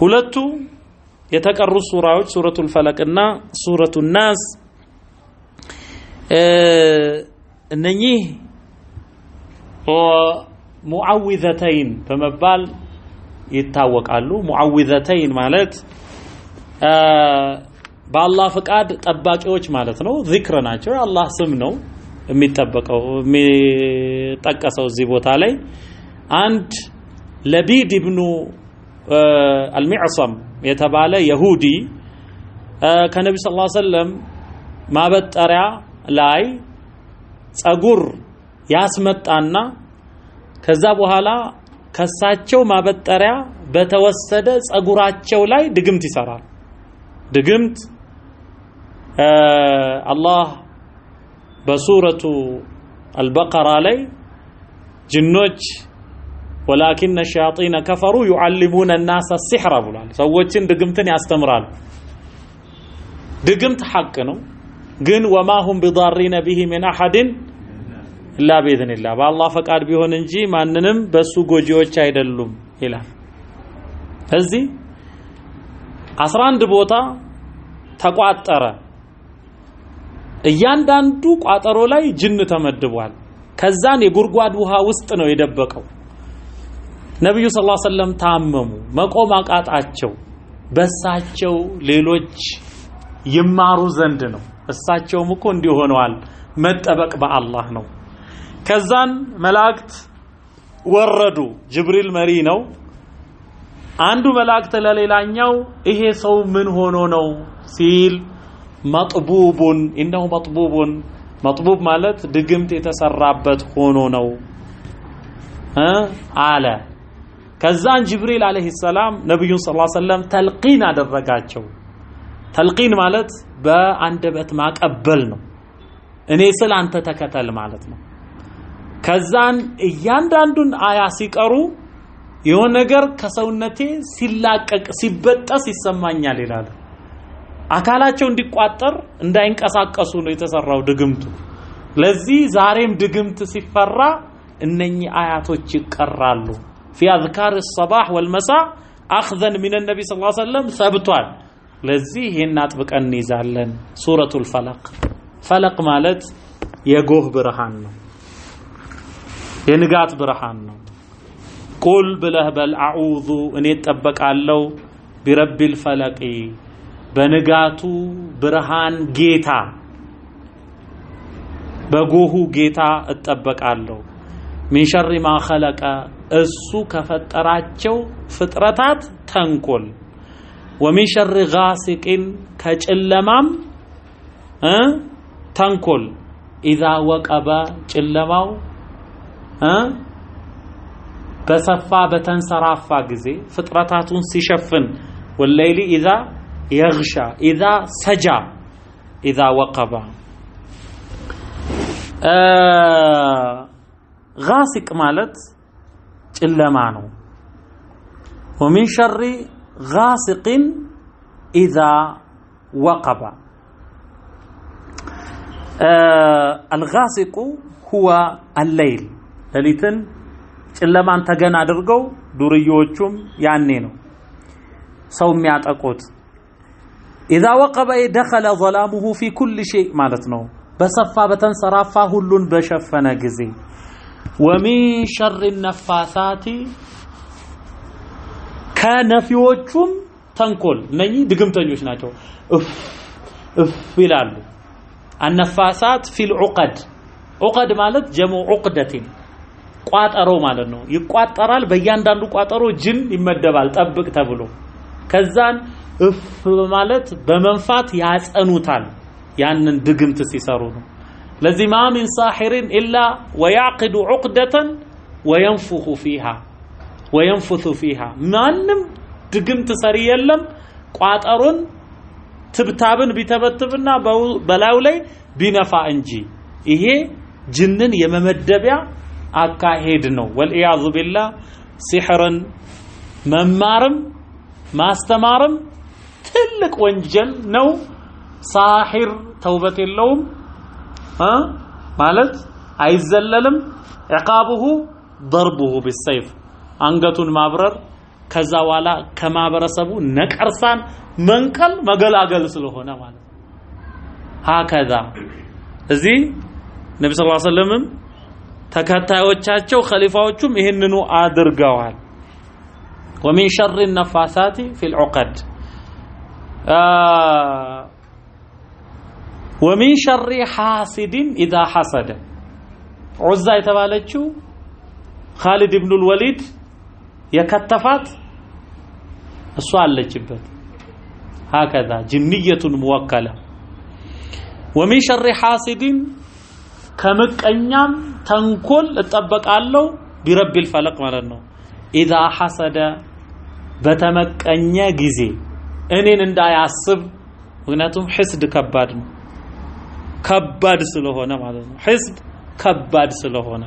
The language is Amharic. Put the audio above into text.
ሁለቱ የተቀሩ ሱራዎች ሱረቱል ፈለቅና ሱረቱ ናስ እነኚህ ሙዓዊዘተይን በመባል ይታወቃሉ። ሙዓዊዘተይን ማለት በአላህ ፍቃድ ጠባቂዎች ማለት ነው። ዚክር ናቸው። የአላህ ስም ነው የሚጠበቀው የሚጠቀሰው እዚህ ቦታ ላይ አንድ ለቢድ ኢብኑ አልሚዕሰም የተባለ የሁዲ ከነቢ ስ ሰለም ማበጠሪያ ላይ ጸጉር ያስመጣና ከዛ በኋላ ከሳቸው ማበጠሪያ በተወሰደ ጸጉራቸው ላይ ድግምት ይሰራል። ድግምት አላህ በሱረቱ አልበቀራ ላይ ጅኖች ወላኪነ ሸያጢነ ከፈሩ ዩዓልሙነ ናሰ ሲሕራ ብሏል። ሰዎችን ድግምትን ያስተምራሉ። ድግምት ሐቅ ነው፣ ግን ወማሁም ቢዳሪነ ቢሂ ሚን አሐድን ኢላ ቢኢዝኒላህ በአላህ ፈቃድ ቢሆን እንጂ ማንንም በሱ ጎጂዎች አይደሉም ይላል። እዚህ 11 ቦታ ተቋጠረ። እያንዳንዱ ቋጠሮ ላይ ጅን ተመድቧል። ከዛን የጉድጓድ ውሃ ውስጥ ነው የደበቀው ነብዩ ሰለላሁ ዐለይሂ ወሰለም ታመሙ፣ መቆም አቃጣቸው። በእሳቸው ሌሎች ይማሩ ዘንድ ነው። እሳቸውም እኮ እንዲሆነዋል መጠበቅ በአላህ ነው። ከዛን መላእክት ወረዱ። ጅብሪል መሪ ነው። አንዱ መላእክት ለሌላኛው ይሄ ሰው ምን ሆኖ ነው ሲል መጥቡቡን እነሆ መጥቡቡን መጥቡብ ማለት ድግምት የተሰራበት ሆኖ ነው አለ ከዛን ጅብሪል አለይሂ ሰላም ነብዩን ሰለላሁ ዐለይሂ ወሰለም ተልቂን አደረጋቸው። ተልቂን ማለት በአንደበት ማቀበል ነው። እኔ ስል አንተ ተከተል ማለት ነው። ከዛን እያንዳንዱን አያ ሲቀሩ የሆነ ነገር ከሰውነቴ ሲላቀቅ ሲበጠስ ይሰማኛል ይላሉ። አካላቸው እንዲቋጠር እንዳይንቀሳቀሱ ነው የተሰራው ድግምቱ። ለዚህ ዛሬም ድግምት ሲፈራ እነኚህ አያቶች ይቀራሉ። في أذكار الصباح والمساء أخذا من النبي صلى الله عليه وسلم ثبتا لذيه ناتبك أني زعلن سورة الفلق فلق مالت يقوه برهان ينقات برهان قل بله بل أعوذ أن يتبك علو برب الفلق بنقاتو برهان جيتا بقوه جيتا اتبك علو من شر ما خلق እሱ ከፈጠራቸው ፍጥረታት ተንኮል ወሚን ሸር ጋሲቅን ከጨለማም ተንኮል ኢዛ ወቀበ ጨለማው በሰፋ በተንሰራፋ ጊዜ ፍጥረታቱን ሲሸፍን ወለይሊ ኢዛ የግሻ ኢዛ ሰጃ ኢዛ ወቀበ ጋሲቅ ማለት ጨለማ ነው ወሚን ሸሪ ጋሲቅን ኢዛ ወቀበ አልጋሲቁ ሁወ አለይል ሌሊትን ጨለማን ተገን አድርገው ዱርዮቹም ያኔ ነው ሰው የሚያጠቁት ኢዛ ወቀበ ደኸለ ዘላሙሁ ፊ ኩል ሸይ ማለት ነው በሰፋ በተንሰራፋ ሁሉን በሸፈነ ጊዜ ወሚን ሸር ነፋሳቲ ከነፊዎቹም ተንኮል እነኚህ ድግምተኞች ናቸው። እፍ ይላሉ። አነፋሳት ፊል ዑቀድ ዑቀድ ማለት ጀሞ ዑቅደቲን ቋጠሮ ማለት ነው። ይቋጠራል። በእያንዳንዱ ቋጠሮ ጅን ይመደባል ጠብቅ ተብሎ ከዛን እፍ ማለት በመንፋት ያጸኑታል። ያንን ድግምት ሲሰሩ ነው። لزما من ساحر إلا ويعقد عقدة وينفخ فيها وينفث فيها منانم دقم تسري يلم قوات أرون تبتابن بتبتبنا بلاولي بنفع انجي إيه جنن يممدبيا أكا هيدنو والإعاذ بالله سحرا ممارم ماستمارم تلك وانجل نو ساحر توبة اللوم ማለት አይዘለልም ዕቃቡሁ ደርቡሁ ቢሰይፍ አንገቱን ማብረር ከዛ በኋላ ከማህበረሰቡ ነቀርሳን መንቀል መገላገል ስለሆነ ማለት ሀከዛ እዚህ ነቢ ስ ሰለምም ተከታዮቻቸው ኸሊፋዎቹም ይህንኑ አድርገዋል ወሚን ሸር ነፋሳቲ ፊል ዑቀድ ወሚን ሸሪ ሐሲድን ኢዛ ሐሰደ ዑዛ የተባለችው ኻሊድ ኢብኑል ወሊድ የከተፋት እሷ አለችበት። ሀከዛ ጅንየቱን ሙወከለ ወሚን ሸሪ ሐሲድን ከምቀኛም ተንኮል እጠበቃለሁ ቢረቢል ፈለቅ ማለት ነው። ኢዛ ሐሰደ በተመቀኘ ጊዜ እኔን እንዳያስብ፣ ምክንያቱም ሕስድ ከባድ ነው። ከባድ ስለሆነ ማለት ነው ህዝብ ከባድ ስለሆነ